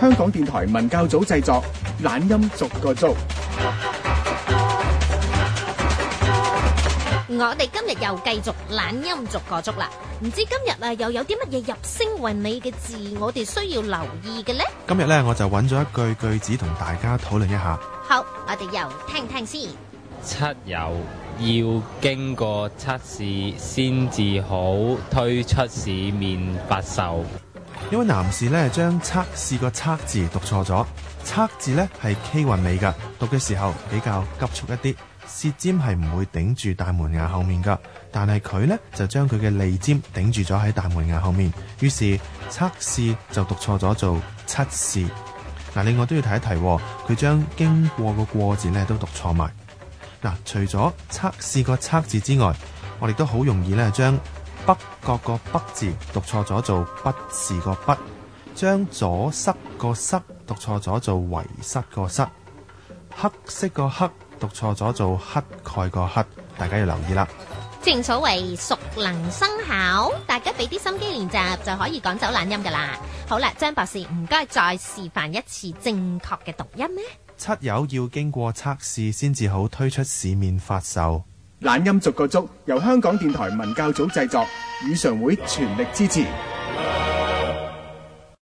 香港電台文教組製作，懶音逐個捉。我哋今日又繼續懶音逐個捉啦，唔知今日啊又有啲乜嘢入聲韻尾嘅字，我哋需要留意嘅呢？今日咧我就揾咗一句句子同大家討論一下。好，我哋又聽聽先。漆油要經過測試先至好推出市面發售。呢位男士咧，將測試個測字讀錯咗。測字咧係 k 韻尾嘅，讀嘅時候比較急促一啲，舌尖係唔會頂住大門牙後面噶。但係佢咧就將佢嘅脷尖頂住咗喺大門牙後面，於是測試就讀錯咗做測試。嗱，另外都要提一提，佢、哦、將經過個過字咧都讀錯埋。嗱，除咗測試個測字之外，我哋都好容易咧將。北角個北字讀錯咗做不是個不，將左塞個塞讀錯咗做遺失個失，黑色個黑讀錯咗做乞丐個乞，大家要留意啦。正所謂熟能生巧，大家俾啲心機練習就可以趕走懶音噶啦。好啦，張博士唔該再示範一次正確嘅讀音咩？七友要經過測試先至好推出市面發售。懶音逐個捉，由香港電台文教組製作，語常會全力支持。